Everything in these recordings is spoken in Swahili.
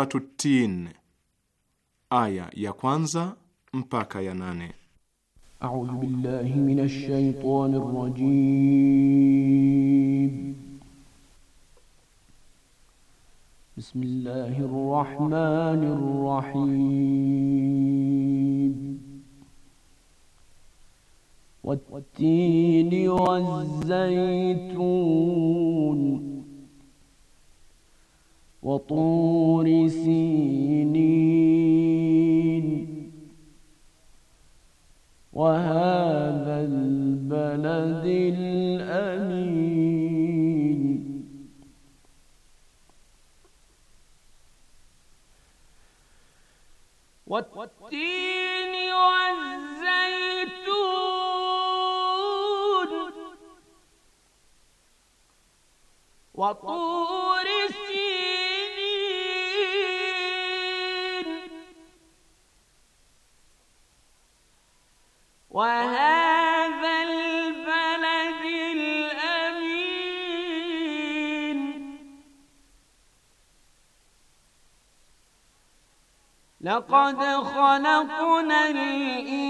Suratu Tin, aya ya kwanza mpaka ya nane. A'udhu billahi minash shaitanir rajim. Bismillahir rahmanir rahim. والتين والزيتون وطور سين لقد خلقنا الإنسان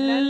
and then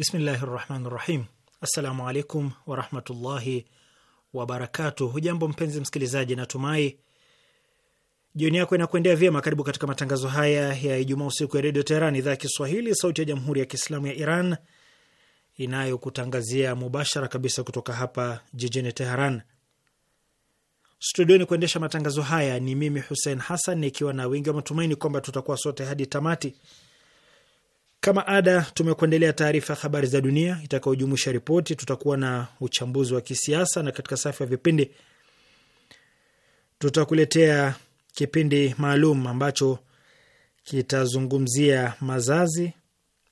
Bismillahi rahmani rahim. Assalamu alaikum warahmatullahi wabarakatuh. Hujambo mpenzi msikilizaji, natumai jioni yako inakuendea vyema. Karibu katika matangazo haya ya Ijumaa usiku ya Redio Teheran, idhaa ya Kiswahili, sauti ya Jamhuri ya Kiislamu ya Iran inayokutangazia mubashara kabisa kutoka hapa jijini Teheran. Studioni kuendesha matangazo haya ni mimi Hussein Hassan, nikiwa na wingi wa matumaini kwamba tutakuwa sote hadi tamati kama ada, tumekuendelea taarifa ya habari za dunia itakayojumuisha ripoti, tutakuwa na uchambuzi wa kisiasa, na katika safu ya vipindi tutakuletea kipindi maalum ambacho kitazungumzia mazazi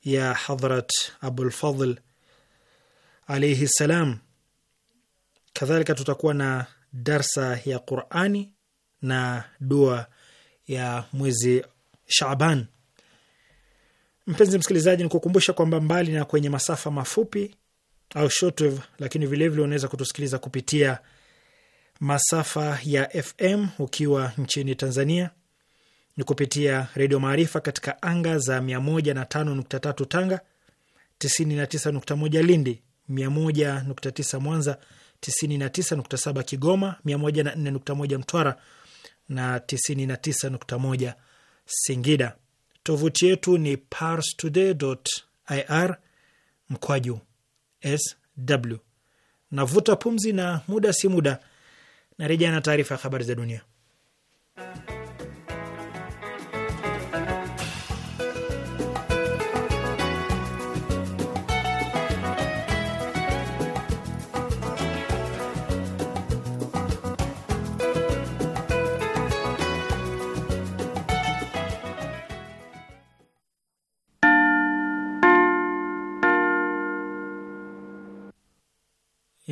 ya Hadhrat Abulfadl alaihi ssalam Kadhalika tutakuwa na darsa ya Qurani na dua ya mwezi Shaban. Mpenzi msikilizaji, ni kukumbusha kwamba mbali na kwenye masafa mafupi au shortwave, lakini vilevile unaweza kutusikiliza kupitia masafa ya FM ukiwa nchini Tanzania ni kupitia Redio Maarifa katika anga za 105.3 Tanga, 99.1 Lindi, 101.9 Mwanza, 99.7 Kigoma, 104.1 Mtwara na 99.1 Singida. Tovuti yetu ni parstoday.ir mkwaju sw. Navuta pumzi na muda si muda narejea na taarifa ya habari za dunia.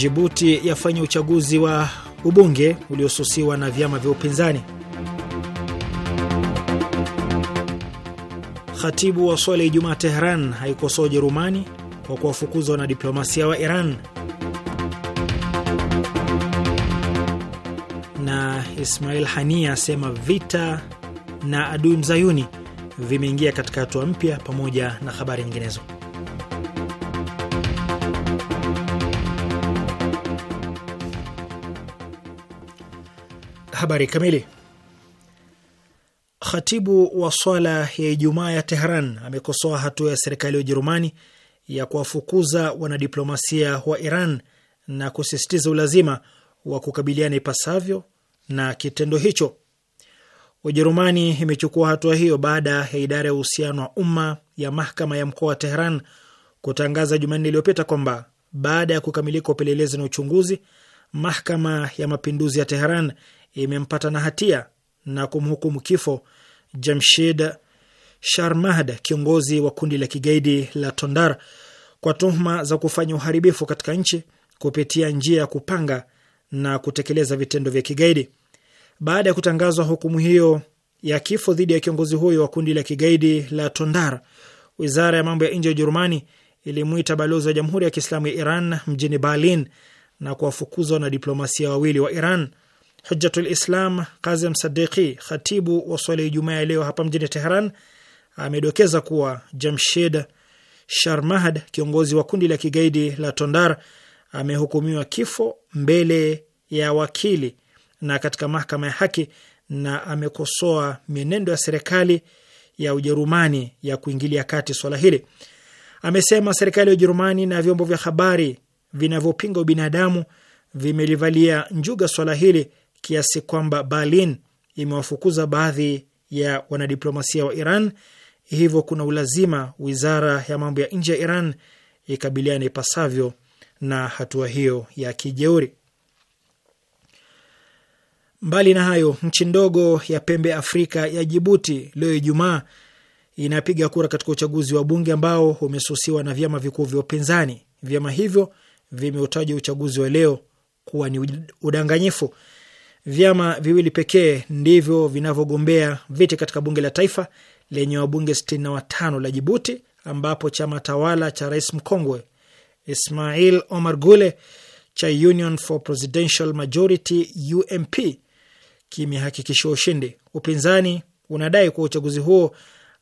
Jibuti yafanya uchaguzi wa ubunge uliosusiwa na vyama vya upinzani. Khatibu wa swala Ijumaa Tehran haikosoa Ujerumani kwa kuwafukuza wanadiplomasia wa Iran. Na Ismail Hania asema vita na adui mzayuni vimeingia katika hatua mpya, pamoja na habari nyinginezo. Habari kamili. Khatibu wa swala ya Ijumaa ya Tehran amekosoa hatua ya serikali ya Ujerumani ya kuwafukuza wanadiplomasia wa Iran na kusisitiza ulazima wa kukabiliana ipasavyo na kitendo hicho. Ujerumani imechukua hatua hiyo baada ya idara ya uhusiano wa umma ya mahakama ya mkoa wa Tehran kutangaza Jumanne iliyopita kwamba baada ya kukamilika upelelezi na uchunguzi, mahakama ya mapinduzi ya Tehran imempata na hatia na kumhukumu kifo Jamshid Sharmahd, kiongozi wa kundi la kigaidi la Tondar kwa tuhuma za kufanya uharibifu katika nchi kupitia njia ya kupanga na kutekeleza vitendo vya kigaidi. Baada ya kutangazwa hukumu hiyo ya kifo dhidi ya kiongozi huyo wa kundi la kigaidi la Tondar, wizara ya mambo ya nje ya Ujerumani ilimwita balozi wa Jamhuri ya Kiislamu ya Iran mjini Berlin na kuwafukuza wanadiplomasia wawili wa Iran Hujjatul Islam Kazim Sadiki, khatibu wa swala ya Ijumaa ya leo hapa mjini Teheran, amedokeza kuwa Jamshed Sharmahad, kiongozi wa kundi la kigaidi la Tondar, amehukumiwa kifo mbele ya wakili na katika mahakama ya haki, na amekosoa mienendo ya serikali ya Ujerumani ya kuingilia kati swala hili. Amesema serikali ya Ujerumani na vyombo vya habari vinavyopinga ubinadamu vimelivalia njuga swala hili kiasi kwamba Berlin imewafukuza baadhi ya wanadiplomasia wa Iran. Hivyo kuna ulazima wizara ya mambo ya nje ya Iran ikabiliane ipasavyo na hatua hiyo ya kijeuri. Mbali na hayo, nchi ndogo ya pembe Afrika ya Jibuti leo Ijumaa inapiga kura katika uchaguzi wa bunge ambao umesusiwa na vyama vikuu vya upinzani. Vyama hivyo vimeutaja uchaguzi wa leo kuwa ni udanganyifu vyama viwili pekee ndivyo vinavyogombea viti katika bunge la taifa lenye wabunge 65 la Jibuti, ambapo chama tawala cha rais mkongwe Ismail Omar Gule cha Union for Presidential Majority UMP kimehakikishiwa ushindi. Upinzani unadai kuwa uchaguzi huo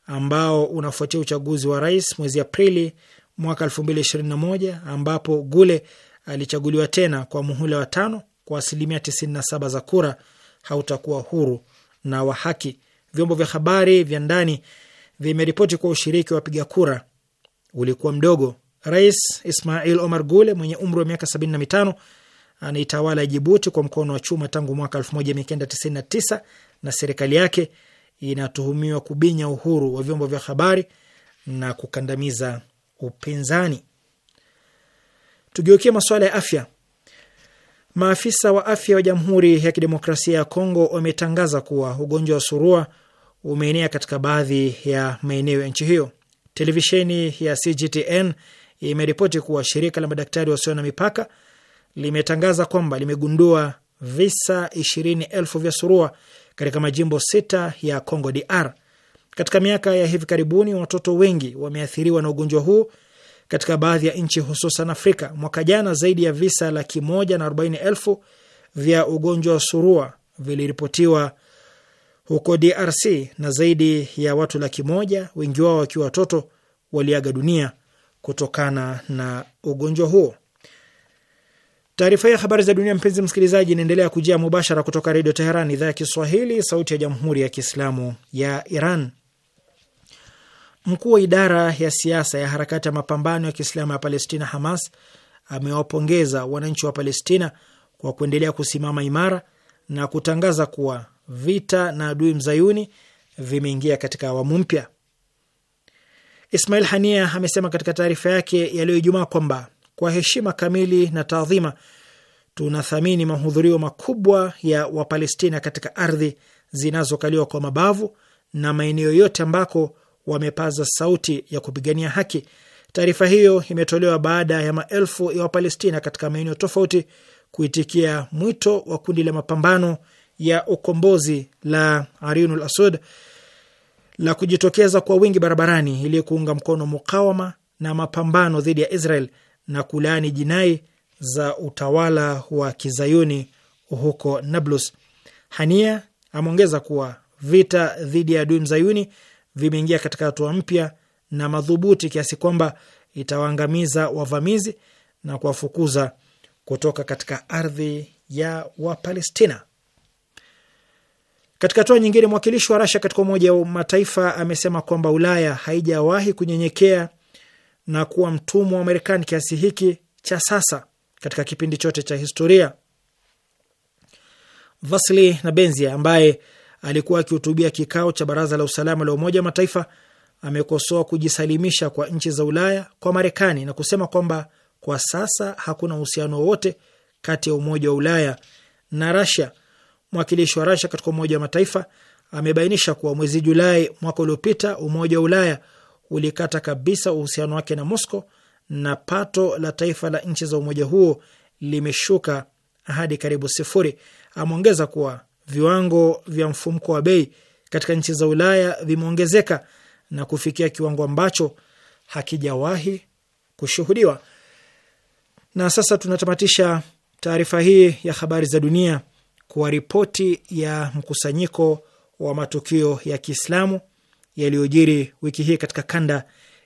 ambao unafuatia uchaguzi wa rais mwezi Aprili mwaka 2021 ambapo Gule alichaguliwa tena kwa muhula wa tano kwa asilimia 97 za kura hautakuwa huru na wa haki. Vyombo vya habari vya ndani vimeripoti kuwa ushiriki wa wapiga kura ulikuwa mdogo. Rais Ismail Omar Gule mwenye umri wa miaka 75 anaitawala Jibuti kwa mkono wa chuma tangu mwaka 1999 na serikali yake inatuhumiwa kubinya uhuru wa vyombo vya habari na kukandamiza upinzani. Tugeukie masuala ya afya. Maafisa wa afya wa Jamhuri ya Kidemokrasia ya Kongo wametangaza kuwa ugonjwa wa surua umeenea katika baadhi ya maeneo ya nchi hiyo. Televisheni ya CGTN imeripoti kuwa shirika la madaktari wasio na mipaka limetangaza kwamba limegundua visa ishirini elfu vya surua katika majimbo sita ya Congo DR. Katika miaka ya hivi karibuni, watoto wengi wameathiriwa na ugonjwa huu katika baadhi ya nchi hususan Afrika. Mwaka jana zaidi ya visa laki moja na arobaini elfu vya ugonjwa wa surua viliripotiwa huko DRC na zaidi ya watu laki moja, wengi wao wakiwa watoto, waliaga dunia kutokana na ugonjwa huo. Taarifa ya habari za dunia, mpenzi msikilizaji, inaendelea kujia mubashara kutoka Redio Teheran, idhaa ya Kiswahili, sauti ya jamhuri ya kiislamu ya Iran. Mkuu wa idara ya siasa ya harakati ya mapambano ya Kiislamu ya Palestina, Hamas, amewapongeza wananchi wa Palestina kwa kuendelea kusimama imara na kutangaza kuwa vita na adui mzayuni vimeingia katika awamu mpya. Ismail Hania amesema katika taarifa yake ya leo Ijumaa kwamba kwa heshima kamili na taadhima tunathamini mahudhurio makubwa ya Wapalestina katika ardhi zinazokaliwa kwa mabavu na maeneo yote ambako wamepaza sauti ya kupigania haki. Taarifa hiyo imetolewa baada ya maelfu ya Wapalestina katika maeneo tofauti kuitikia mwito wa kundi la mapambano ya ukombozi la Arinul Asud la kujitokeza kwa wingi barabarani ili kuunga mkono mukawama na mapambano dhidi ya Israel na kulaani jinai za utawala wa kizayuni huko Nablus. Hania ameongeza kuwa vita dhidi ya adui mzayuni vimeingia katika hatua mpya na madhubuti kiasi kwamba itawaangamiza wavamizi na kuwafukuza kutoka katika ardhi ya Wapalestina. Katika hatua nyingine, mwakilishi wa Rasha katika Umoja wa Mataifa amesema kwamba Ulaya haijawahi kunyenyekea na kuwa mtumwa wa Marekani kiasi hiki cha sasa katika kipindi chote cha historia. Vasili Nabenzia ambaye alikuwa akihutubia kikao cha baraza la usalama la Umoja wa Mataifa amekosoa kujisalimisha kwa nchi za Ulaya kwa Marekani na kusema kwamba kwa sasa hakuna uhusiano wowote kati ya Umoja wa Ulaya na Rasia. Mwakilishi wa Rasia katika Umoja wa Mataifa amebainisha kuwa mwezi Julai mwaka uliopita Umoja wa Ulaya ulikata kabisa uhusiano wake na Mosco na pato la taifa la nchi za umoja huo limeshuka hadi karibu sifuri. Ameongeza kuwa viwango vya mfumko wa bei katika nchi za Ulaya vimeongezeka na kufikia kiwango ambacho hakijawahi kushuhudiwa. Na sasa tunatamatisha taarifa hii ya habari za dunia kwa ripoti ya mkusanyiko wa matukio ya Kiislamu yaliyojiri wiki hii katika kanda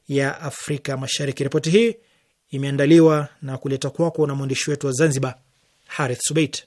ya Afrika Mashariki. Ripoti hii imeandaliwa na kuleta kwako na mwandishi wetu wa Zanzibar, Harith Subeit.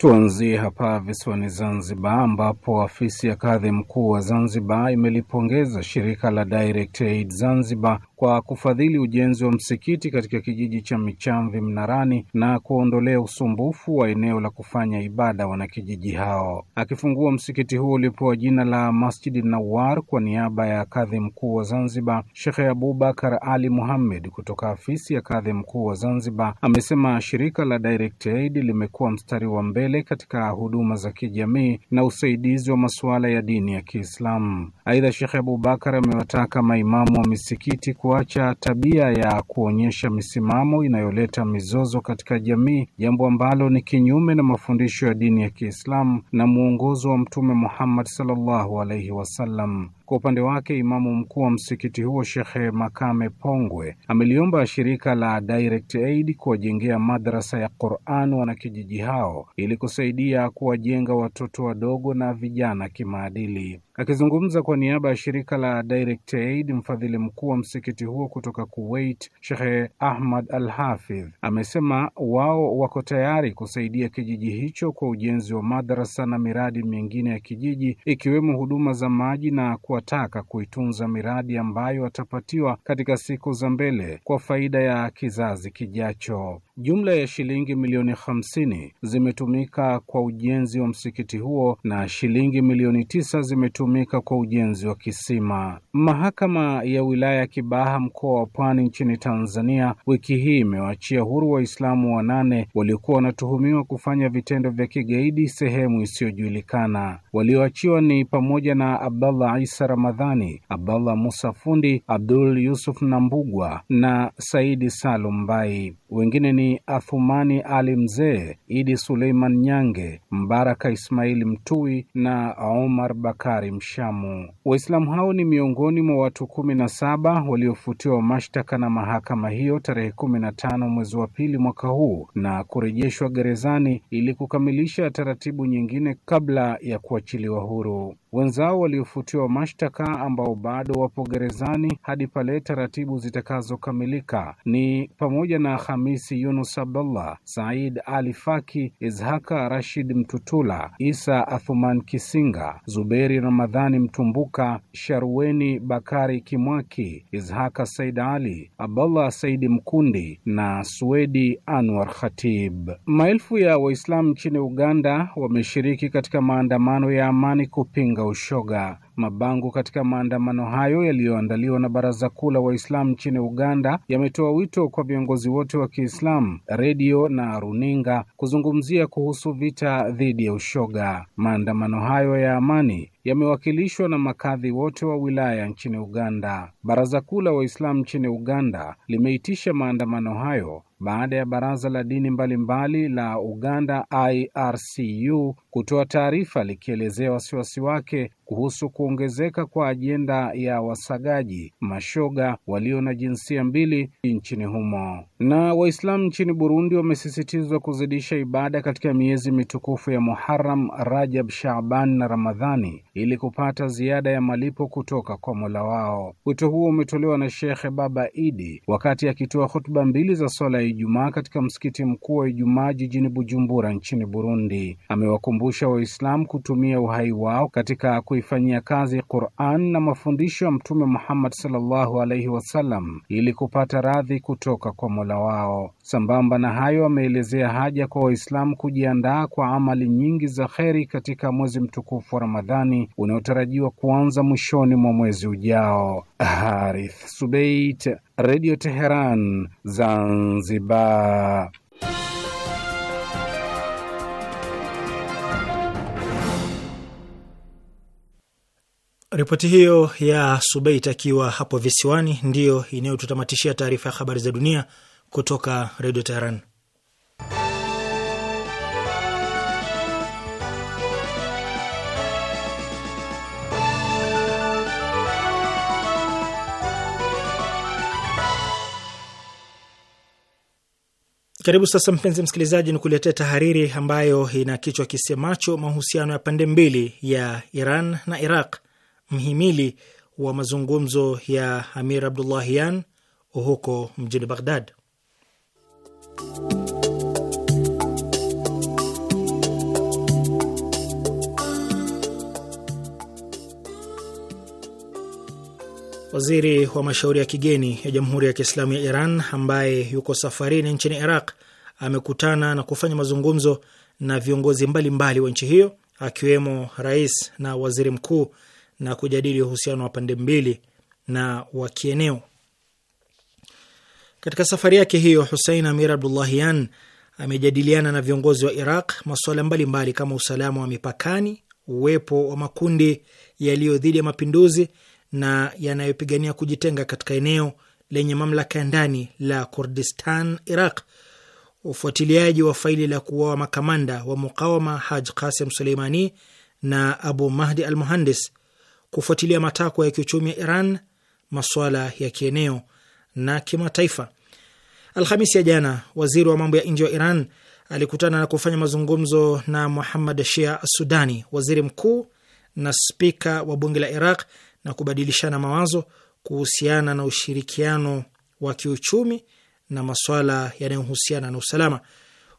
Tuanzie hapa visiwani Zanzibar, ambapo afisi ya kadhi mkuu wa Zanzibar imelipongeza shirika la Direct Aid Zanzibar kwa kufadhili ujenzi wa msikiti katika kijiji cha Michamvi Mnarani na kuondolea usumbufu wa eneo la kufanya ibada wanakijiji hao. Akifungua msikiti huo ulipewa jina la Masjid Nawar kwa niaba ya kadhi mkuu wa Zanzibar Shekhe Abubakar Ali Muhammed kutoka afisi ya kadhi mkuu wa Zanzibar amesema shirika la Direct Aid limekuwa mstari wa mbele katika huduma za kijamii na usaidizi wa masuala ya dini ya Kiislamu. Aidha, Shekhe Abubakar amewataka maimamu wa misikiti kuacha tabia ya kuonyesha misimamo inayoleta mizozo katika jamii, jambo ambalo ni kinyume na mafundisho ya dini ya Kiislamu na mwongozo wa Mtume Muhammad sallallahu alaihi wasallam. Kwa upande wake, imamu mkuu wa msikiti huo Shekhe Makame Pongwe ameliomba shirika la Direct Aid kuwajengea madrasa ya Quran wanakijiji hao ili kusaidia kuwajenga watoto wadogo na vijana kimaadili. Akizungumza kwa niaba ya shirika la Direct Aid, mfadhili mkuu wa msikiti huo kutoka Kuwait, Shekhe Ahmad Al Hafidh amesema wao wako tayari kusaidia kijiji hicho kwa ujenzi wa madrasa na miradi mingine ya kijiji ikiwemo huduma za maji na kwa wataka kuitunza miradi ambayo watapatiwa katika siku za mbele kwa faida ya kizazi kijacho. Jumla ya shilingi milioni 50 zimetumika kwa ujenzi wa msikiti huo na shilingi milioni tisa zimetumika kwa ujenzi wa kisima. Mahakama ya wilaya ya Kibaha, mkoa wa Pwani, nchini Tanzania, wiki hii imewaachia huru Waislamu wanane waliokuwa wanatuhumiwa kufanya vitendo vya kigaidi sehemu isiyojulikana. Walioachiwa ni pamoja na Abdallah Isa Ramadhani, Abdallah Musa Fundi, Abdul Yusuf Nambugwa na Saidi Salum Mbai. Wengine ni Athumani Ali Mzee, Idi Suleiman Nyange, Mbaraka Ismaili Mtui na Omar Bakari Mshamu. Waislamu hao ni miongoni mwa watu kumi na saba waliofutiwa mashtaka na mahakama hiyo tarehe kumi na tano mwezi wa pili mwaka huu na kurejeshwa gerezani ili kukamilisha taratibu nyingine kabla ya kuachiliwa huru. Wenzao waliofutiwa mashtaka ambao bado wapo gerezani hadi pale taratibu zitakazokamilika ni pamoja na Hamisi Yunus Abdullah, Said Ali Faki, Izhaka Rashid Mtutula, Isa Athuman Kisinga, Zuberi Ramadhani Mtumbuka, Sharweni Bakari Kimwaki, Izhaka Said Ali, Abdullah Saidi Mkundi na Suedi Anwar Khatib. Maelfu ya Waislamu nchini Uganda wameshiriki katika maandamano ya amani kupinga ushoga. Mabango katika maandamano hayo yaliyoandaliwa na Baraza Kuu la Waislamu nchini Uganda yametoa wito kwa viongozi wote wa Kiislamu, redio na runinga kuzungumzia kuhusu vita dhidi ya ushoga. Maandamano hayo ya amani yamewakilishwa na makadhi wote wa wilaya nchini Uganda. Baraza Kuu la Waislamu nchini Uganda limeitisha maandamano hayo baada ya baraza la dini mbalimbali mbali la Uganda IRCU kutoa taarifa likielezea wasiwasi wake kuhusu kuongezeka kwa ajenda ya wasagaji mashoga walio na jinsia mbili nchini humo. Na Waislamu nchini Burundi wamesisitizwa kuzidisha ibada katika miezi mitukufu ya Muharram, Rajab, Shaaban na Ramadhani ili kupata ziada ya malipo kutoka kwa Mola wao. Wito huo umetolewa na Shekhe Baba Idi wakati akitoa hutuba mbili za swala Ijumaa katika msikiti mkuu wa Ijumaa jijini Bujumbura nchini Burundi. Amewakumbusha Waislamu kutumia uhai wao katika kuifanyia kazi Quran na mafundisho ya Mtume Muhammad sallallahu alaihi wasallam ili kupata radhi kutoka kwa Mola wao. Sambamba na hayo, ameelezea haja kwa Waislamu kujiandaa kwa amali nyingi za kheri katika mwezi mtukufu wa Ramadhani unaotarajiwa kuanza mwishoni mwa mwezi ujao. Harith Subeit, Redio Teheran, Zanzibar. Ripoti hiyo ya Subeit akiwa hapo visiwani ndiyo inayotutamatishia taarifa ya habari za dunia kutoka Redio Teheran. Karibu sasa, mpenzi msikilizaji, ni kuletea tahariri ambayo ina kichwa kisemacho mahusiano ya pande mbili ya Iran na Iraq, mhimili wa mazungumzo ya Amir Abdullahian huko mjini Baghdad. Waziri wa mashauri ya kigeni ya Jamhuri ya Kiislamu ya Iran ambaye yuko safarini nchini Iraq amekutana na kufanya mazungumzo na viongozi mbalimbali mbali wa nchi hiyo akiwemo rais na waziri mkuu na kujadili uhusiano wa pande mbili na wa kieneo. Katika safari yake hiyo, Husein Amir Abdullahian amejadiliana na viongozi wa Iraq masuala mbalimbali kama usalama wa mipakani, uwepo wa makundi yaliyo dhidi ya mapinduzi na yanayopigania kujitenga katika eneo lenye mamlaka ya ndani la Kurdistan Iraq, ufuatiliaji wa faili la kuuawa makamanda wa mukawama Haj Qasim Suleimani na Abu Mahdi al Muhandis, kufuatilia matakwa ya kiuchumi ya Iran, masuala ya kieneo na kimataifa. Alhamisi ya jana, waziri wa mambo ya nje wa Iran alikutana na kufanya mazungumzo na Muhammad Shia Sudani, waziri mkuu na spika wa bunge la Iraq, na kubadilishana mawazo kuhusiana na ushirikiano wa kiuchumi na maswala yanayohusiana na usalama.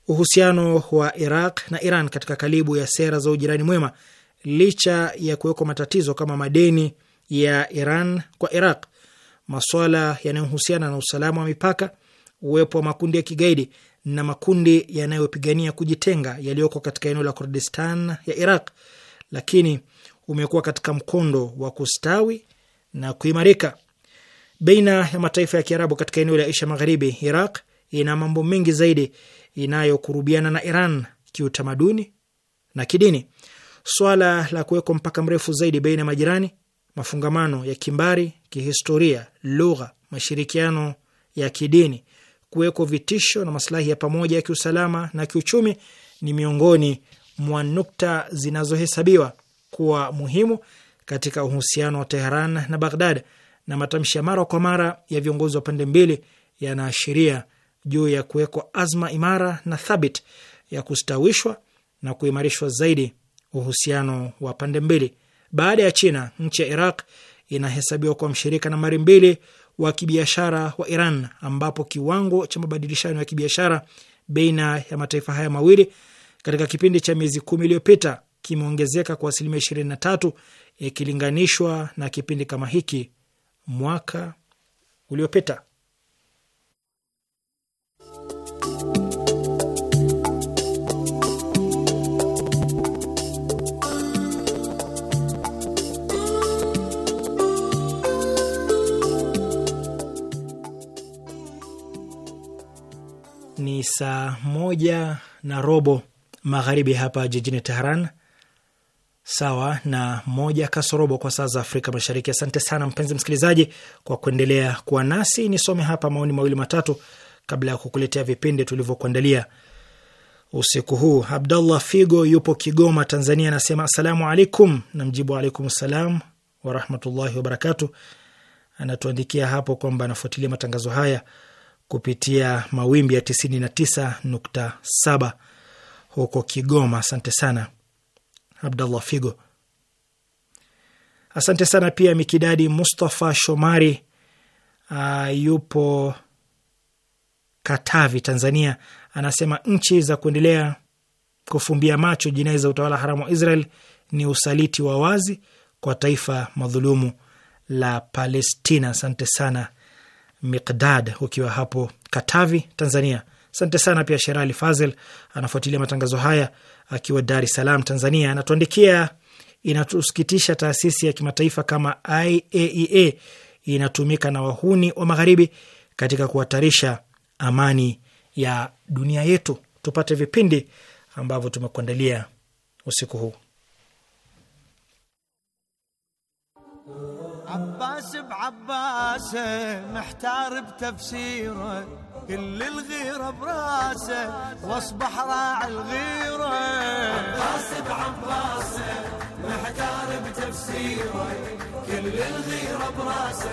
Uhusiano wa Iraq na Iran katika kalibu ya sera za ujirani mwema, licha ya kuwekwa matatizo kama madeni ya Iran kwa Iraq maswala yanayohusiana na usalama wa mipaka, uwepo wa makundi ya kigaidi na makundi yanayopigania kujitenga yaliyoko katika eneo la Kurdistan ya Iraq, lakini umekuwa katika mkondo wa kustawi na kuimarika baina ya mataifa ya Kiarabu katika eneo la Asia Magharibi. Iraq ina mambo mengi zaidi inayokurubiana na Iran kiutamaduni na kidini, swala la kuwekwa mpaka mrefu zaidi baina ya majirani, mafungamano ya kimbari kihistoria, lugha, mashirikiano ya kidini, kuweko vitisho na maslahi ya pamoja ya kiusalama na kiuchumi ni miongoni mwa nukta zinazohesabiwa kuwa muhimu katika uhusiano wa Teheran na Baghdad, na matamshi ya mara kwa mara ya viongozi wa pande mbili yanaashiria juu ya kuwekwa azma imara na thabit ya kustawishwa na kuimarishwa zaidi uhusiano wa pande mbili. Baada ya China, nchi ya Iraq inahesabiwa kuwa mshirika nambari mbili wa kibiashara wa Iran, ambapo kiwango cha mabadilishano ya kibiashara baina ya mataifa haya mawili katika kipindi cha miezi kumi iliyopita kimeongezeka kwa asilimia ishirini na tatu ikilinganishwa na kipindi kama hiki mwaka uliopita. saa moja na robo magharibi hapa jijini Teheran, sawa na moja kasorobo kwa saa za Afrika Mashariki. Asante sana mpenzi msikilizaji kwa kuendelea kuwa nasi. Nisome hapa maoni mawili matatu kabla ya kukuletea vipindi tulivyokuandalia usiku huu. Abdallah Figo yupo Kigoma, Tanzania, anasema asalamu alaikum, na mjibu alaikum salam warahmatullahi wabarakatu. Anatuandikia hapo kwamba anafuatilia matangazo haya kupitia mawimbi ya 99.7 huko Kigoma. Asante sana Abdallah Figo. Asante sana pia Mikidadi Mustafa Shomari, uh, yupo Katavi, Tanzania, anasema nchi za kuendelea kufumbia macho jinai za utawala haramu wa Israel ni usaliti wa wazi kwa taifa madhulumu la Palestina. Asante sana Miqdad ukiwa hapo Katavi, Tanzania. Asante sana pia Sherali Fazel anafuatilia matangazo haya akiwa Dar es Salaam, Tanzania. Anatuandikia, inatusikitisha taasisi ya kimataifa kama IAEA e inatumika na wahuni wa magharibi katika kuhatarisha amani ya dunia yetu. Tupate vipindi ambavyo tumekuandalia usiku huu. عباس بعباسه محتار بتفسيره كل الغيره براسه واصبح راعي حاسب عن راسه محتار بتفسيره كل الغيره براسه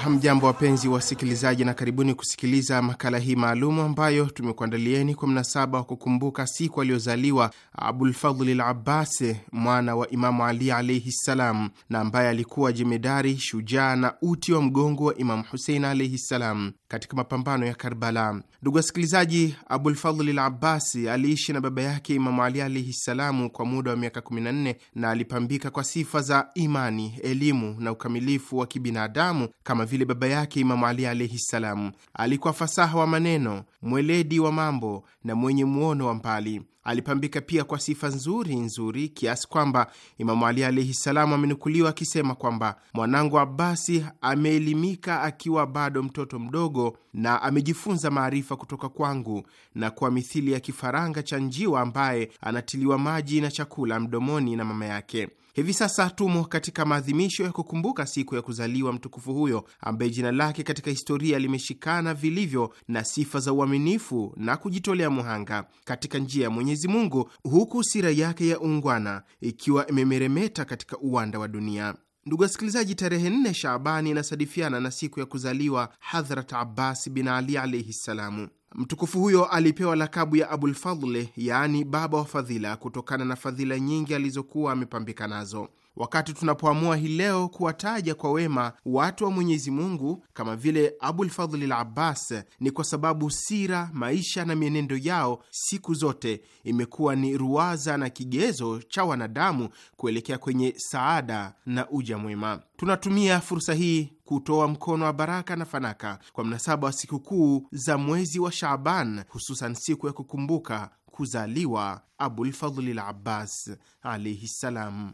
Hamjambo, wapenzi wasikilizaji, na karibuni kusikiliza makala hii maalumu ambayo tumekuandalieni kwa mnasaba wa kukumbuka siku aliyozaliwa Abulfadhli l Abbas, mwana wa Imamu Ali alaihi ssalam, na ambaye alikuwa jemedari, shujaa na uti wa mgongo wa Imamu Husein alaihi ssalam katika mapambano ya Karbala. Ndugu wasikilizaji, Abulfadhli al Abbasi aliishi na baba yake Imamu Ali alaihi ssalamu kwa muda wa miaka 14 na alipambika kwa sifa za imani, elimu na ukamilifu wa kibinadamu kama vile baba yake Imamu Ali alaihi ssalamu. Alikuwa fasaha wa maneno, mweledi wa mambo na mwenye muono wa mbali. Alipambika pia kwa sifa nzuri nzuri kiasi kwamba Imamu Ali alaihi salamu amenukuliwa akisema kwamba mwanangu Abasi ameelimika akiwa bado mtoto mdogo na amejifunza maarifa kutoka kwangu, na kwa mithili ya kifaranga cha njiwa ambaye anatiliwa maji na chakula mdomoni na mama yake Hivi sasa tumo katika maadhimisho ya kukumbuka siku ya kuzaliwa mtukufu huyo ambaye jina lake katika historia limeshikana vilivyo na sifa za uaminifu na kujitolea muhanga katika njia ya Mwenyezi Mungu, huku sira yake ya ungwana ikiwa imemeremeta katika uwanda wa dunia. Ndugu wasikilizaji, tarehe nne Shaabani inasadifiana na siku ya kuzaliwa Hadhrat Abbas bin Ali alaihi ssalamu. Mtukufu huyo alipewa lakabu ya abulfadli yaani baba wa fadhila, kutokana na fadhila nyingi alizokuwa amepambika nazo. Wakati tunapoamua hii leo kuwataja kwa wema watu wa Mwenyezi Mungu kama vile Abulfadhli l Abbas, ni kwa sababu sira, maisha na mienendo yao siku zote imekuwa ni ruwaza na kigezo cha wanadamu kuelekea kwenye saada na uja mwema. Tunatumia fursa hii kutoa mkono wa baraka na fanaka kwa mnasaba wa sikukuu za mwezi wa Shaaban, hususan siku ya kukumbuka kuzaliwa Abulfadlil Abbas alaihi ssalam.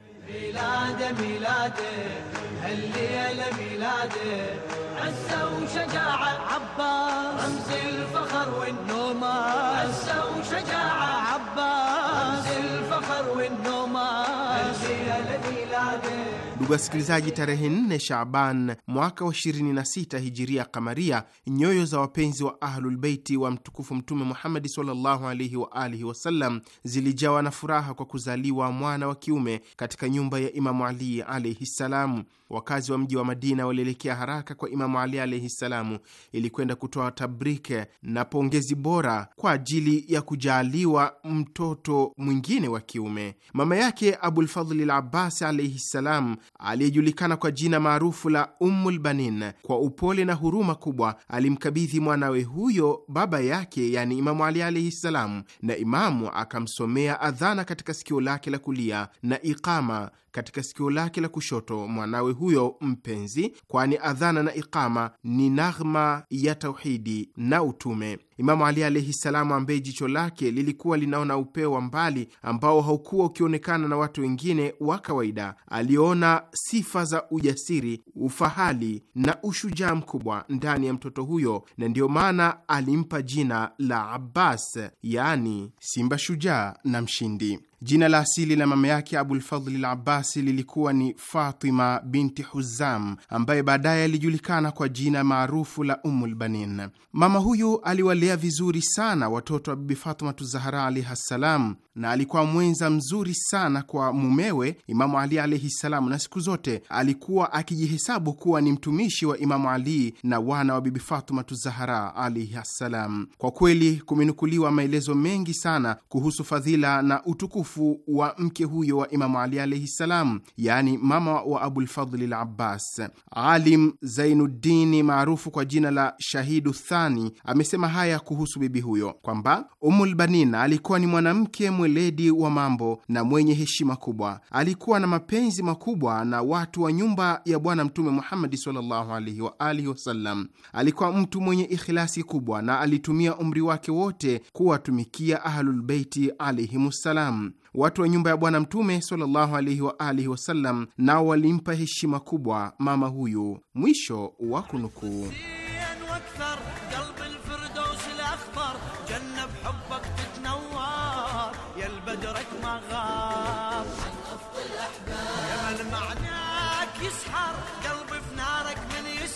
Ndugu wasikilizaji, tarehe 4 shaban mwaka wa 26 hijiria kamaria, nyoyo za wapenzi wa Ahlulbeiti wa mtukufu Mtume Muhammadi sallallahu alaihi wa alihi wasallam zilijawa na furaha kwa kuzaliwa mwana wa kiume katika nyumba ya Imamu Ali alaihi ssalamu. Wakazi wa mji wa Madina walielekea haraka kwa Imamu Ali alaihi ssalamu ili kwenda kutoa tabrike na pongezi bora kwa ajili ya kujaaliwa mtoto mwingine wa kiume. Mama yake Abulfadhli al Abbas alaihi ssalam aliyejulikana kwa jina maarufu la ummulbanin kwa upole na huruma kubwa alimkabidhi mwanawe huyo baba yake, yani Imamu Ali alaihi ssalam, na Imamu akamsomea adhana katika sikio lake la kulia na iqama katika sikio lake la kushoto mwanawe huyo mpenzi, kwani adhana na iqama ni naghma ya tauhidi na utume. Imamu Ali alaihi salamu, ambaye jicho lake lilikuwa linaona upeo wa mbali ambao haukuwa ukionekana na watu wengine wa kawaida, aliona sifa za ujasiri, ufahali na ushujaa mkubwa ndani ya mtoto huyo, na ndiyo maana alimpa jina la Abbas, yaani simba shujaa na mshindi. Jina la asili la mama yake Abulfadli l Abbasi lilikuwa ni Fatima binti Huzam, ambaye baadaye alijulikana kwa jina maarufu la Ummulbanin. Mama huyu aliwalea vizuri sana watoto wa Bibi Fatimatu Zahara alaihi ssalam, na alikuwa mwenza mzuri sana kwa mumewe Imamu Ali alaihi ssalam, na siku zote alikuwa akijihesabu kuwa ni mtumishi wa Imamu Ali na wana wa Bibi Fatumatu Zahara alaihi salam. Kwa kweli kumenukuliwa maelezo mengi sana kuhusu fadhila na utukufu wa mke huyo wa Imamu Ali alaihi salam, yaani mama wa Abulfadli Labbas. Alim Zainuddini maarufu kwa jina la Shahidu Thani amesema haya kuhusu bibi huyo kwamba Umulbanina alikuwa ni mwanamke mweledi wa mambo na mwenye heshima kubwa. Alikuwa na mapenzi makubwa na watu wa nyumba ya Bwana Mtume Muhammadi sallallahu alaihi wa alihi wasallam. Alikuwa mtu mwenye ikhilasi kubwa na alitumia umri wake wote kuwatumikia Ahlulbeiti alaihimussalam. Watu wa nyumba ya Bwana Mtume sallallahu alaihi wa alihi wasallam nao walimpa heshima kubwa mama huyu. Mwisho wa kunukuu.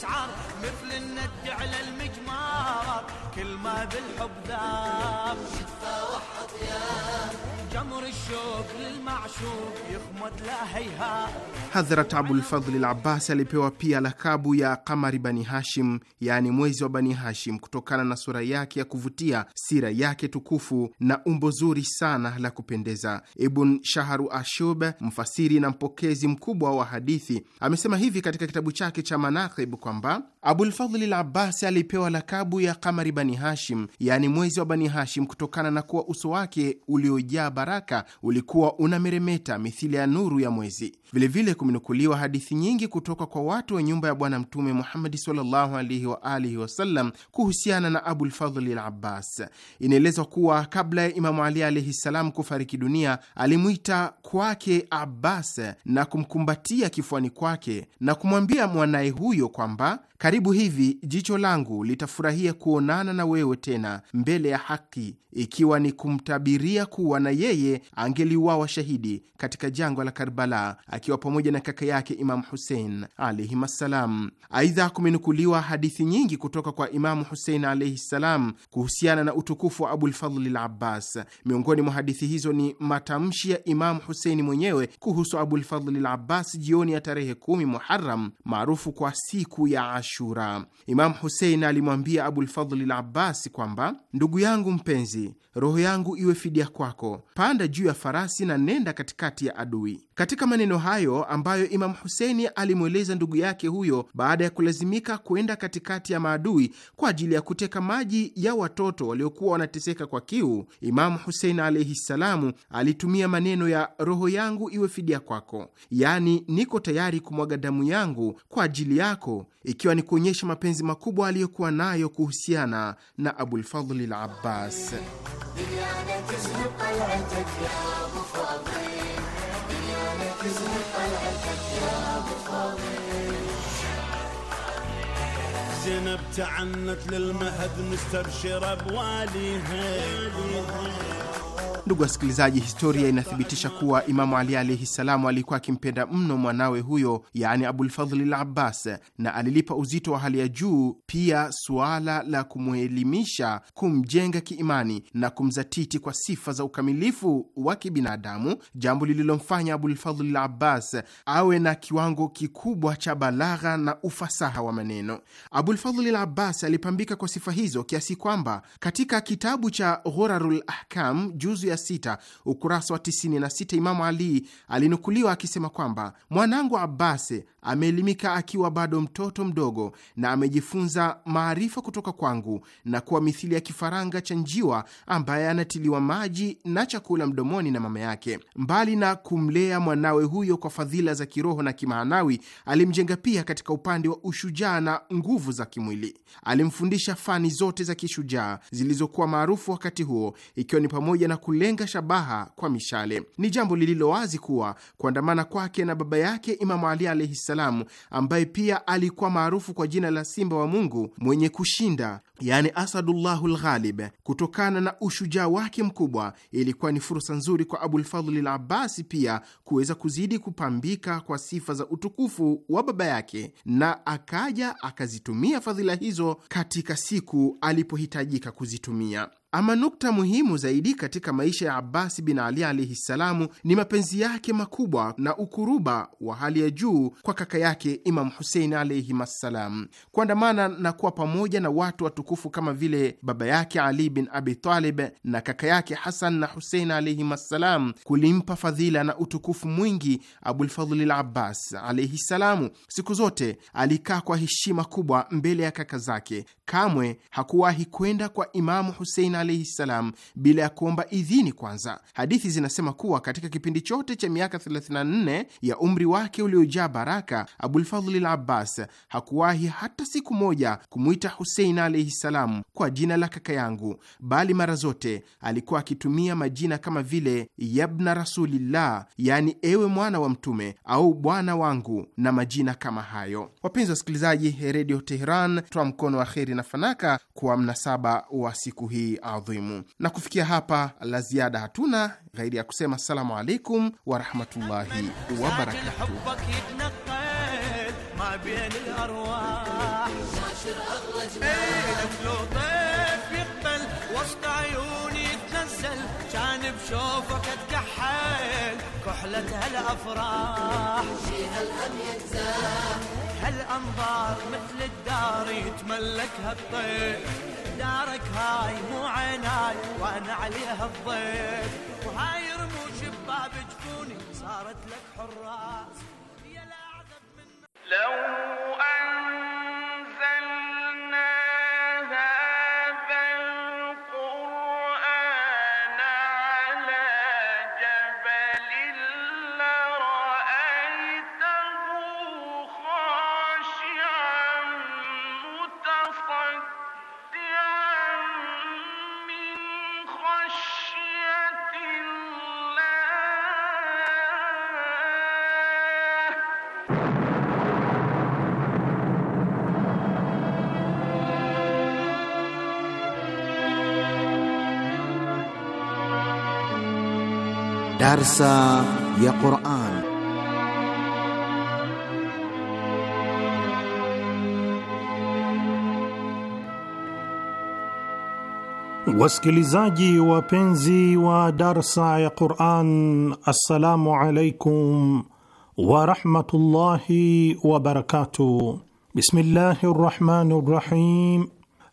الاسعار مثل الند على المجمار كل ما بالحب ذاب شفه وحط يا Hadhrat Abulfadhli Labbas alipewa pia lakabu ya Kamari Bani Hashim, yaani mwezi wa Bani Hashim, kutokana na sura yake ya kuvutia, sira yake tukufu na umbo zuri sana la kupendeza. Ibn Shahru Ashub, mfasiri na mpokezi mkubwa wa hadithi, amesema hivi katika kitabu chake cha Manakib kwamba Abulfadhli l alipewa lakabu ya Kamari Bani Hashim, yaani mwezi wa Bani Hashim, kutokana na kuwa uso wake uliojaa haraka ulikuwa unameremeta mithili ya nuru ya mwezi. Vilevile kumenukuliwa hadithi nyingi kutoka kwa watu wa nyumba ya Bwana Mtume Muhammadi sallallahu alaihi wa alihi wasallam kuhusiana na Abulfadhli al Abbas. Inaelezwa kuwa kabla ya Imamu Ali alaihi salam kufariki dunia, alimwita kwake Abbas na kumkumbatia kifuani kwake na kumwambia mwanaye huyo kwamba karibu hivi jicho langu litafurahia kuonana na wewe tena mbele ya haki, ikiwa ni kumtabiria kuwa na yeye yeye angeliuawa shahidi katika jangwa la Karbala akiwa pamoja na kaka yake Imamu Husein alaihim assalam. Aidha, kumenukuliwa hadithi nyingi kutoka kwa Imamu Husein alaihi ssalam kuhusiana na utukufu wa Abulfadli Labbas. Miongoni mwa hadithi hizo ni matamshi ya Imamu Huseini mwenyewe kuhusu Abulfadli Labbas jioni ya tarehe kumi Muharam, maarufu kwa siku ya Ashura. Imamu Husein alimwambia Abulfadli Labbas kwamba ndugu yangu mpenzi, roho yangu iwe fidia kwako pa panda juu ya farasi na nenda katikati ya adui. Katika maneno hayo ambayo Imamu Huseini alimweleza ndugu yake huyo baada ya kulazimika kuenda katikati ya maadui kwa ajili ya kuteka maji ya watoto waliokuwa wanateseka kwa kiu, Imamu Husein alaihi ssalamu alitumia maneno ya roho yangu iwe fidia kwako, yaani niko tayari kumwaga damu yangu kwa ajili yako, ikiwa ni kuonyesha mapenzi makubwa aliyokuwa nayo kuhusiana na Abulfadli Abbas. طلعتك يا زينب تعنت للمهد مستبشرة بواليها Ndugu wasikilizaji, historia inathibitisha kuwa Imamu Ali alaihi ssalamu alikuwa akimpenda mno mwanawe huyo, yaani Abulfadhli l Abbas, na alilipa uzito wa hali ya juu pia suala la kumwelimisha, kumjenga kiimani na kumzatiti kwa sifa za ukamilifu wa kibinadamu, jambo lililomfanya Abulfadhli l Abbas awe na kiwango kikubwa cha balagha na ufasaha wa maneno. Abulfadhli l Abbas alipambika kwa sifa hizo kiasi kwamba katika kitabu cha Ghurarul Ahkam juzu ya sita ukurasa wa 96 Imamu Ali alinukuliwa akisema kwamba mwanangu Abbasi ameelimika akiwa bado mtoto mdogo na amejifunza maarifa kutoka kwangu na kuwa mithili ya kifaranga cha njiwa ambaye anatiliwa maji na chakula mdomoni na mama yake. Mbali na kumlea mwanawe huyo kwa fadhila za kiroho na kimaanawi, alimjenga pia katika upande wa ushujaa na nguvu za kimwili. Alimfundisha fani zote za kishujaa zilizokuwa maarufu wakati huo, ikiwa ni pamoja na kule kulenga shabaha kwa mishale. Ni jambo lililo wazi kuwa kuandamana kwake na baba yake Imamu Ali alaihi ssalam, ambaye pia alikuwa maarufu kwa jina la Simba wa Mungu mwenye kushinda, yani Asadullahu lghalib, kutokana na ushujaa wake mkubwa, ilikuwa ni fursa nzuri kwa Abulfadhli Labasi pia kuweza kuzidi kupambika kwa sifa za utukufu wa baba yake, na akaja akazitumia fadhila hizo katika siku alipohitajika kuzitumia. Ama nukta muhimu zaidi katika maisha ya abasi bin Ali alaihi ssalamu ni mapenzi yake makubwa na ukuruba wa hali ya juu kwa kaka yake Imamu Husein alaihim assalam, kuandamana na kuwa pamoja na watu watukufu kama vile baba yake Ali bin Abi Talib na kaka yake Hasan na Husein alaihim assalam kulimpa fadhila na utukufu mwingi. Abulfadhlil Abbas alaihi ssalamu siku zote alikaa kwa heshima kubwa mbele ya kaka zake, kamwe hakuwahi kwenda kwa Imamu Husein alaihi ssalam bila ya kuomba idhini kwanza. Hadithi zinasema kuwa katika kipindi chote cha miaka 34 ya umri wake uliojaa baraka, Abulfadhli Abbas hakuwahi hata siku moja kumwita Husein alaihi ssalam kwa jina la kaka yangu, bali mara zote alikuwa akitumia majina kama vile yabna rasulillah, yani ewe mwana wa Mtume au bwana wangu na majina kama hayo. Wapenzi wasikilizaji, Redio Teheran twa mkono wa kheri na fanaka kwa mnasaba wa siku hii adhimu. Na kufikia hapa, la ziada hatuna ghairi ya kusema assalamu alaikum warahmatullahi wabarakatuh. تنزل كان بشوفك اتكحل كحلة هالافراح فيها الهم يجزاح هالانظار مثل الدار يتملكها الطير دارك هاي مو عيناي وانا عليها الضيف وهاي رموش بباب جفوني صارت لك حراس لو أن Darsa ya Quran. Wasikilizaji wapenzi wa darsa ya Quran, assalamu alaikum warahmatullahi wabarakatuh. Bismillahi rrahmani rrahim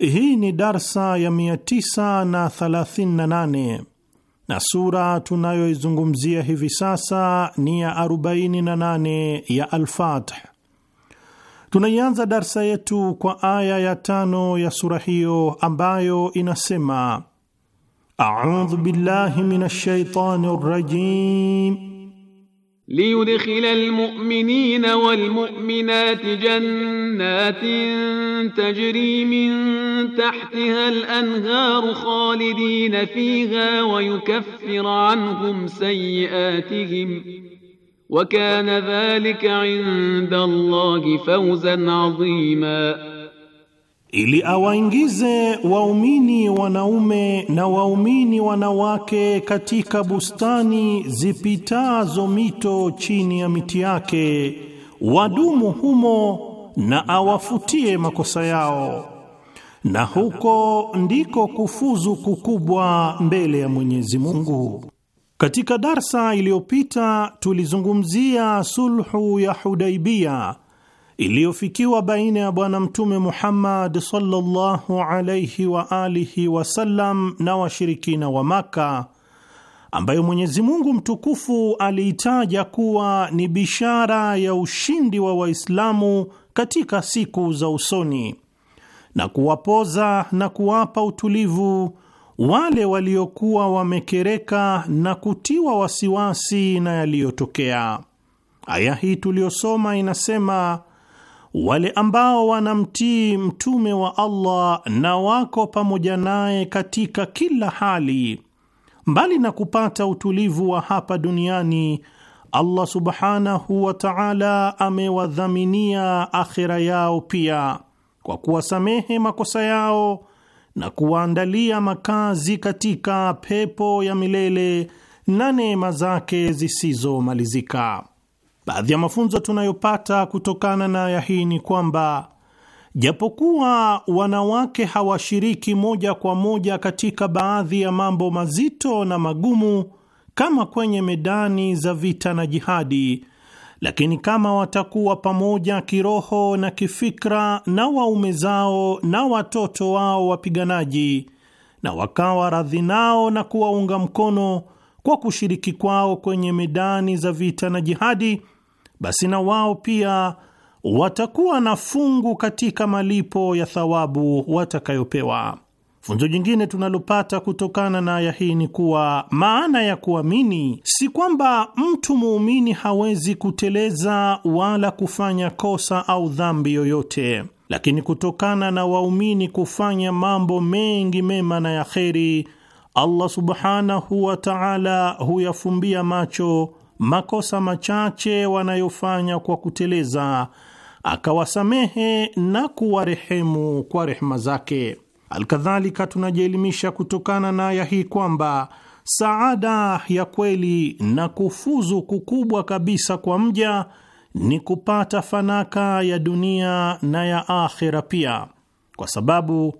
Hii ni darsa ya 938 na, na sura tunayoizungumzia hivi sasa ni ya 48 ya alfath Tunaianza darsa yetu kwa aya ya tano ya sura hiyo ambayo inasema: a'udhu billahi minash shaitani rajim ليدخل المؤمنين والمؤمنات جنات تجري من تحتها الانهار خالدين فيها ويكفر عنهم سيئاتهم وكان ذلك عند الله فوزا عظيما ili awaingize waumini wanaume na waumini wanawake katika bustani zipitazo mito chini ya miti yake, wadumu humo na awafutie makosa yao, na huko ndiko kufuzu kukubwa mbele ya Mwenyezi Mungu. Katika darsa iliyopita tulizungumzia sulhu ya Hudaibia iliyofikiwa baina ya Bwana Mtume Muhammad sallallahu alayhi wa alihi wasallam na washirikina wa Maka, ambayo Mwenyezi Mungu mtukufu aliitaja kuwa ni bishara ya ushindi wa Waislamu katika siku za usoni na kuwapoza na kuwapa utulivu wale waliokuwa wamekereka na kutiwa wasiwasi na yaliyotokea. Aya hii tuliyosoma inasema wale ambao wanamtii mtume wa Allah na wako pamoja naye katika kila hali, mbali na kupata utulivu wa hapa duniani, Allah subhanahu wa ta'ala amewadhaminia akhira yao pia kwa kuwasamehe makosa yao na kuwaandalia makazi katika pepo ya milele na neema zake zisizomalizika. Baadhi ya mafunzo tunayopata kutokana na aya hii ni kwamba japokuwa wanawake hawashiriki moja kwa moja katika baadhi ya mambo mazito na magumu kama kwenye medani za vita na jihadi, lakini kama watakuwa pamoja kiroho na kifikra na waume zao na watoto wao wapiganaji, na wakawa radhi nao na kuwaunga mkono kwa kushiriki kwao kwenye medani za vita na jihadi, basi na wao pia watakuwa na fungu katika malipo ya thawabu watakayopewa. Funzo jingine tunalopata kutokana na aya hii ni kuwa maana ya kuamini si kwamba mtu muumini hawezi kuteleza wala kufanya kosa au dhambi yoyote, lakini kutokana na waumini kufanya mambo mengi mema na ya kheri Allah subhanahu wa ta'ala huyafumbia macho makosa machache wanayofanya kwa kuteleza, akawasamehe na kuwarehemu kwa rehema zake. Alkadhalika, tunajielimisha kutokana na aya hii kwamba saada ya kweli na kufuzu kukubwa kabisa kwa mja ni kupata fanaka ya dunia na ya akhera pia, kwa sababu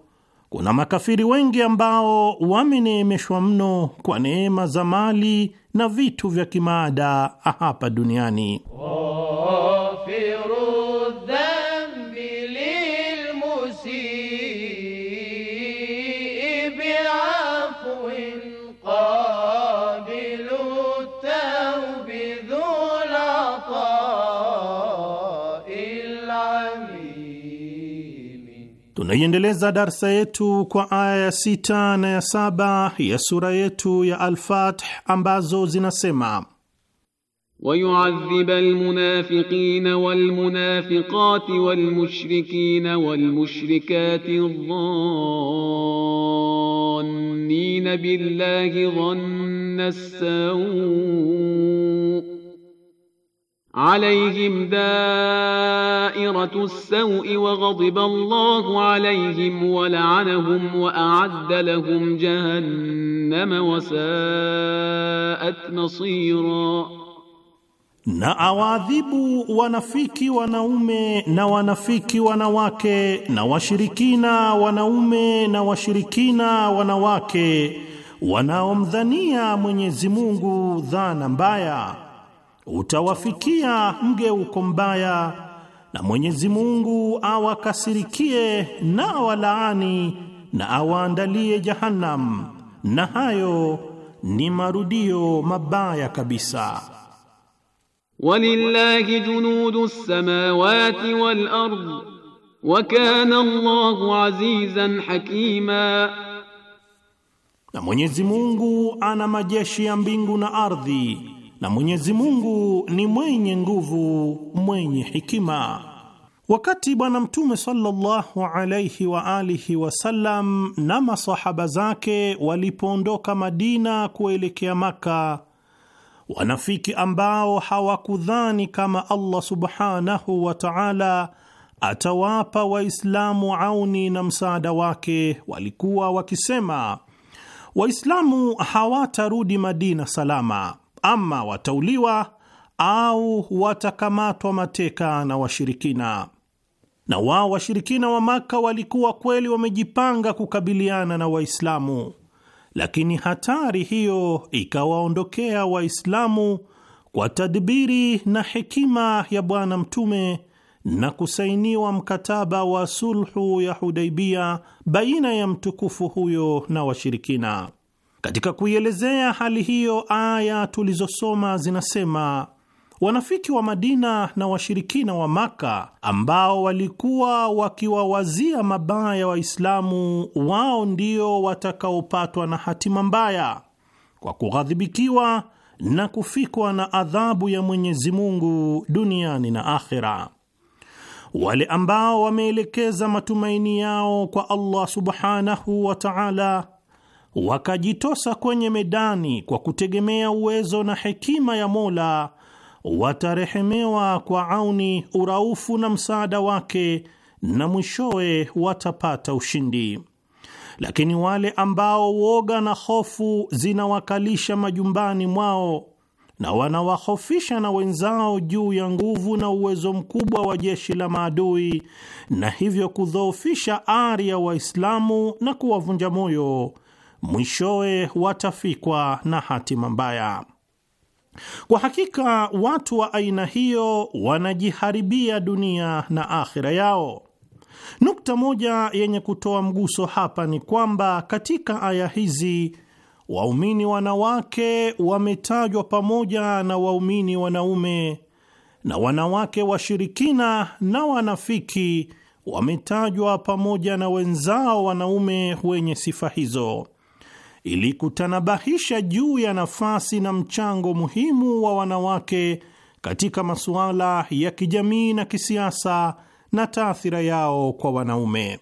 kuna makafiri wengi ambao wameneemeshwa mno kwa neema za mali na vitu vya kimaada hapa duniani oh. Tunaiendeleza darsa yetu kwa aya ya sita na ya saba ya sura yetu ya al ambazo zinasema ويعذب المنافقين والمنافقات والمشركين والمشركات الظانين بالله ظن السوء alayhim dairatu sawi wa ghadiba Allahu alayhim wa la'anahum wa a'adda lahum jahannama wa sa'at masira, na awaadhibu wanafiki wanaume na wanafiki wanawake na washirikina wanaume na washirikina wanawake wanaomdhania Mwenyezi Mungu dhana mbaya utawafikia mgeuko mbaya, na Mwenyezi Mungu awakasirikie na awalaani na awaandalie Jahannam, na hayo ni marudio mabaya kabisa. Walillahi junudu samawati wal ard wa kana Allahu azizan hakima, na Mwenyezi Mungu ana majeshi ya mbingu na ardhi na Mwenyezi Mungu ni mwenye nguvu, mwenye hikima. Wakati Bwana Mtume sallallahu alayhi wa alihi wasallam na masahaba zake walipoondoka Madina kuelekea Maka, wanafiki ambao hawakudhani kama Allah subhanahu wa ta'ala atawapa Waislamu auni na msaada wake, walikuwa wakisema Waislamu hawatarudi Madina salama ama watauliwa au watakamatwa mateka na washirikina. Na wao washirikina wa Maka walikuwa kweli wamejipanga kukabiliana na Waislamu, lakini hatari hiyo ikawaondokea Waislamu kwa tadbiri na hekima ya Bwana Mtume na kusainiwa mkataba wa sulhu ya Hudaibia baina ya mtukufu huyo na washirikina. Katika kuielezea hali hiyo, aya tulizosoma zinasema wanafiki wa Madina na washirikina wa Maka ambao walikuwa wakiwawazia mabaya Waislamu, wao ndio watakaopatwa na hatima mbaya kwa kughadhibikiwa na kufikwa na adhabu ya Mwenyezi Mungu duniani na akhera. Wale ambao wameelekeza matumaini yao kwa Allah subhanahu wa ta'ala wakajitosa kwenye medani kwa kutegemea uwezo na hekima ya Mola, watarehemewa kwa auni, uraufu na msaada wake, na mwishowe watapata ushindi. Lakini wale ambao woga na hofu zinawakalisha majumbani mwao na wanawahofisha na wenzao juu ya nguvu na uwezo mkubwa wa jeshi la maadui, na hivyo kudhoofisha ari ya Waislamu na kuwavunja moyo mwishowe watafikwa na hatima mbaya. Kwa hakika watu wa aina hiyo wanajiharibia dunia na akhira yao. Nukta moja yenye kutoa mguso hapa ni kwamba katika aya hizi waumini wanawake wametajwa pamoja na waumini wanaume na wanawake washirikina na wanafiki wametajwa pamoja na wenzao wanaume wenye sifa hizo ili kutanabahisha juu ya nafasi na mchango muhimu wa wanawake katika masuala ya kijamii na kisiasa na taathira yao kwa wanaume.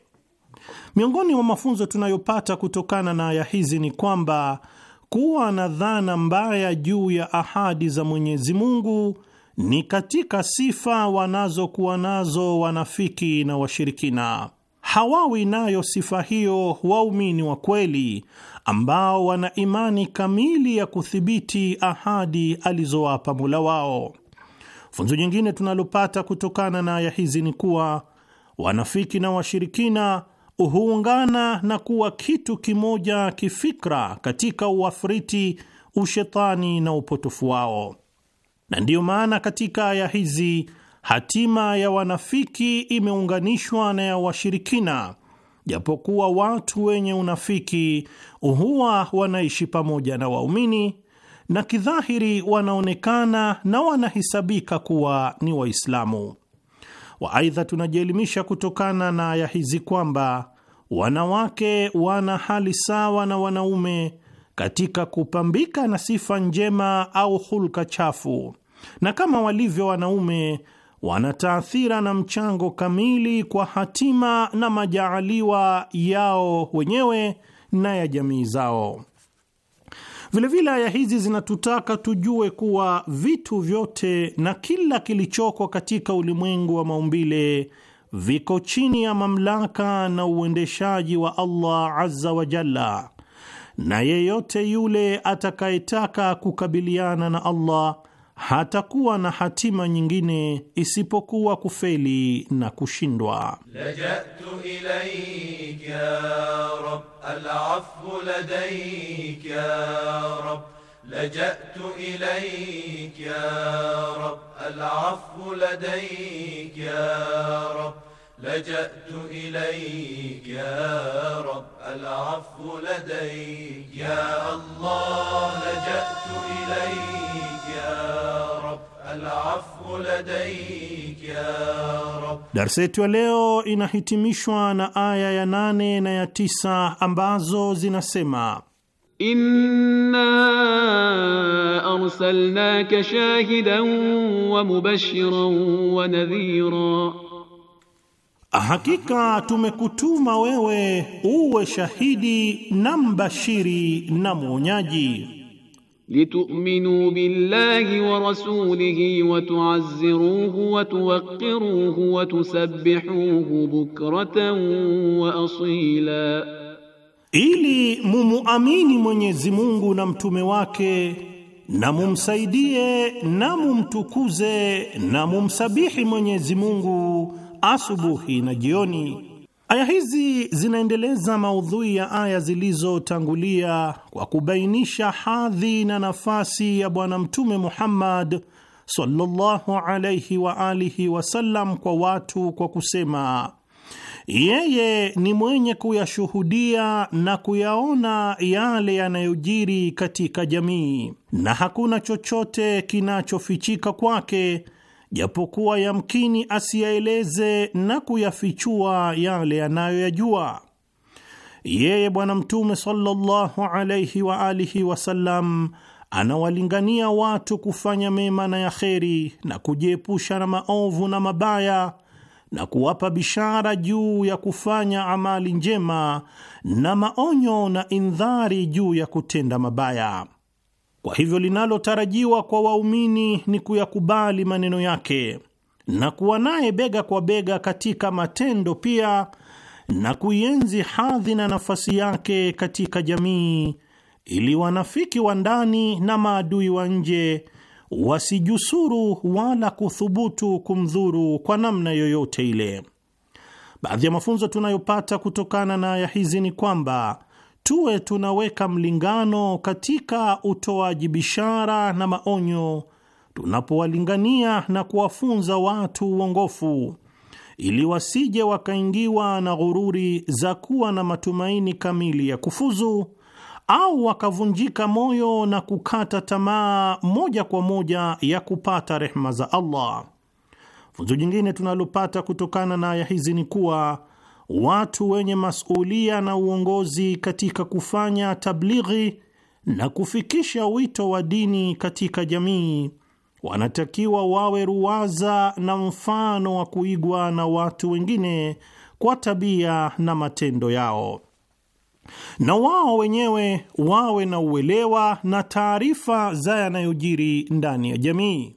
Miongoni mwa mafunzo tunayopata kutokana na aya hizi ni kwamba kuwa na dhana mbaya juu ya ahadi za Mwenyezi Mungu ni katika sifa wanazokuwa nazo wanafiki na washirikina hawawi nayo sifa hiyo waumini wa kweli ambao wana imani kamili ya kuthibiti ahadi alizowapa Mola wao. Funzo jingine tunalopata kutokana na aya hizi ni kuwa wanafiki na washirikina huungana na kuwa kitu kimoja kifikra katika uafriti, ushetani na upotofu wao, na ndiyo maana katika aya hizi Hatima ya wanafiki imeunganishwa na ya washirikina, japokuwa watu wenye unafiki huwa wanaishi pamoja na waumini na kidhahiri wanaonekana na wanahesabika kuwa ni Waislamu wa. Aidha, tunajielimisha kutokana na aya hizi kwamba wanawake wana hali sawa na wanaume katika kupambika na sifa njema au hulka chafu, na kama walivyo wanaume wana taathira na mchango kamili kwa hatima na majaaliwa yao wenyewe na ya jamii zao. Vilevile aya hizi zinatutaka tujue kuwa vitu vyote na kila kilichoko katika ulimwengu wa maumbile viko chini ya mamlaka na uendeshaji wa Allah azza wa jalla, na yeyote yule atakayetaka kukabiliana na Allah hatakuwa na hatima nyingine isipokuwa kufeli na kushindwa. Lajatu ya al ya لجأت إليك يا رب العفو لديك يا الله لجأت إليك يا رب العفو لديك يا رب. Darsa yetu ya leo inahitimishwa na aya ya nane na ya tisa ambazo zinasema Inna arsalnaka shahidan wa mubashiran wa nadhira Hakika tumekutuma wewe uwe shahidi na mbashiri na mwonyaji. Litu'minu billahi wa rasulihi wa tu'azziruhu wa tuwaqqiruhu wa tusabbihuhu bukratan wa asila, ili mumuamini Mwenyezi Mungu na mtume wake na mumsaidie na mumtukuze na mumsabihi Mwenyezi Mungu asubuhi na jioni. Aya hizi zinaendeleza maudhui ya aya zilizotangulia kwa kubainisha hadhi na nafasi ya Bwana Mtume Muhammad sallallahu alayhi wa alihi wasallam kwa watu kwa kusema yeye ni mwenye kuyashuhudia na kuyaona yale yanayojiri katika jamii na hakuna chochote kinachofichika kwake japokuwa yamkini asiyaeleze na kuyafichua yale yanayoyajua yeye. Bwana Mtume sallallahu alaihi wa alihi wasallam anawalingania watu kufanya mema na ya kheri na kujiepusha na maovu na mabaya na kuwapa bishara juu ya kufanya amali njema na maonyo na indhari juu ya kutenda mabaya. Kwa hivyo linalotarajiwa kwa waumini ni kuyakubali maneno yake na kuwa naye bega kwa bega katika matendo pia, na kuienzi hadhi na nafasi yake katika jamii, ili wanafiki wa ndani na maadui wa nje wasijusuru wala kuthubutu kumdhuru kwa namna yoyote ile. Baadhi ya mafunzo tunayopata kutokana na aya hizi ni kwamba tuwe tunaweka mlingano katika utoaji bishara na maonyo tunapowalingania na kuwafunza watu uongofu ili wasije wakaingiwa na ghururi za kuwa na matumaini kamili ya kufuzu au wakavunjika moyo na kukata tamaa moja kwa moja ya kupata rehma za Allah. Funzo jingine tunalopata kutokana na aya hizi ni kuwa watu wenye masulia na uongozi katika kufanya tablighi na kufikisha wito wa dini katika jamii wanatakiwa wawe ruwaza na mfano wa kuigwa na watu wengine kwa tabia na matendo yao, na wao wenyewe wawe na uelewa na taarifa za yanayojiri ndani ya jamii.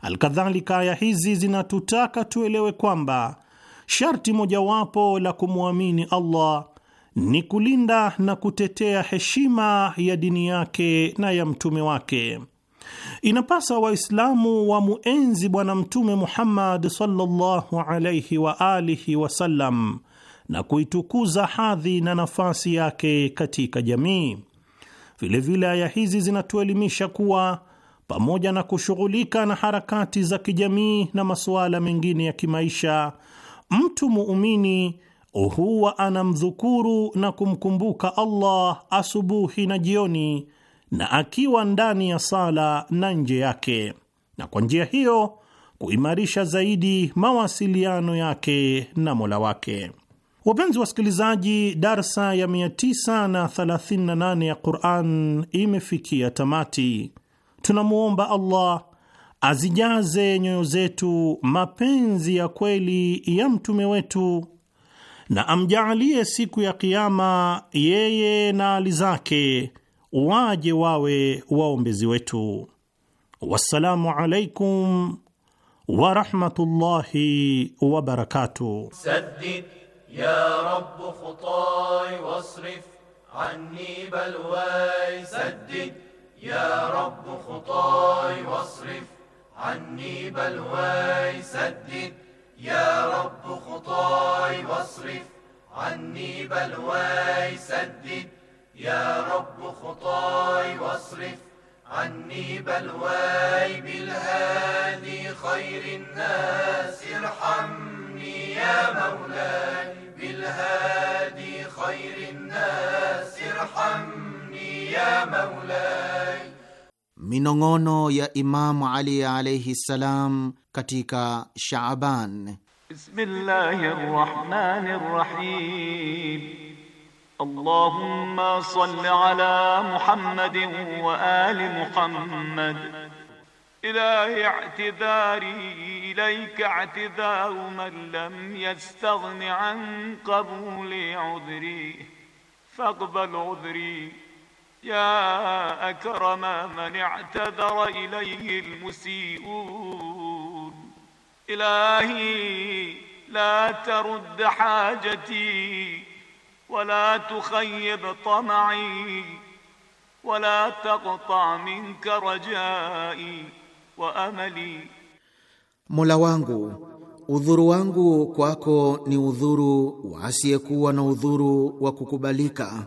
Alkadhalika, aya hizi zinatutaka tuelewe kwamba Sharti mojawapo la kumwamini Allah ni kulinda na kutetea heshima ya dini yake na ya mtume wake. Inapasa Waislamu wamuenzi Bwana Mtume Muhammad sallallahu alaihi wa alihi wasallam na kuitukuza hadhi na nafasi yake katika jamii. Vilevile aya hizi zinatuelimisha kuwa pamoja na kushughulika na harakati za kijamii na masuala mengine ya kimaisha mtu muumini huwa anamdhukuru na kumkumbuka Allah asubuhi na jioni, na akiwa ndani ya sala na nje yake, na kwa njia hiyo kuimarisha zaidi mawasiliano yake na Mola wake. Wapenzi wasikilizaji, darsa ya 938 ya Qur'an imefikia tamati. Tunamwomba Allah azijaze nyoyo zetu mapenzi ya kweli ya mtume wetu na amjaalie siku ya Kiama yeye na ali zake waje wawe waombezi wetu. Wassalamu alaikum warahmatullahi wabarakatuh. ya Rabb khutai wasrif عني بلواي سدد يا رب خطاي واصرف عني بلواي سدد يا رب خطاي واصرف عني بلواي بالهادي خير الناس ارحمني يا مولاي بالهادي خير الناس ارحمني يا مولاي minong'ono ya Imamu Ali alaihi ssalam katika Shaaban. Bismillahi rahmani rahim. Allahumma salli ala Muhammadin wa ali Muhammad. Ilahi i'tidari ilayka i'tidaru man lam yastaghni an qabuli udri faqbal udri ya akrama man i'tadhara ilayhi almusi'un ilahi la tarudd hajati wala tukhayyib tam'i wala taqta' minka rajai wa amali, Mola wangu udhuru wangu kwako ni udhuru wa na udhuru wa kukubalika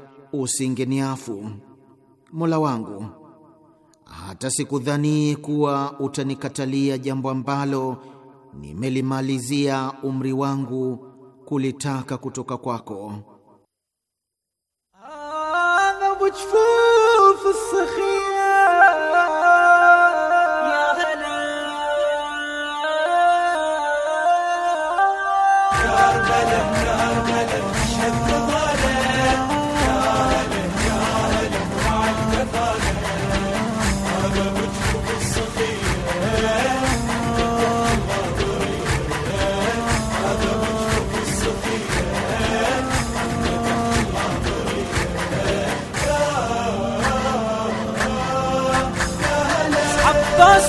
usingeniafu Mola wangu, hata sikudhani kuwa utanikatalia jambo ambalo nimelimalizia umri wangu kulitaka kutoka kwako.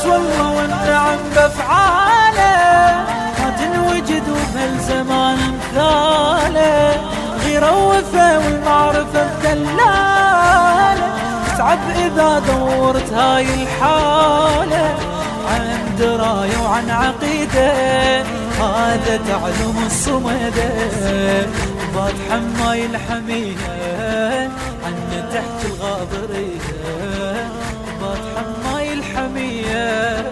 والله وانت عم بفعاله ما تنوجد وبهالزمان مثاله غيره وفا والمعرفه بدلاله تعب اذا دورت هاي الحاله عن درايه وعن عقيده هذا تعلم الصمد بات حماي الحميه عن تحت الغابريه yeah.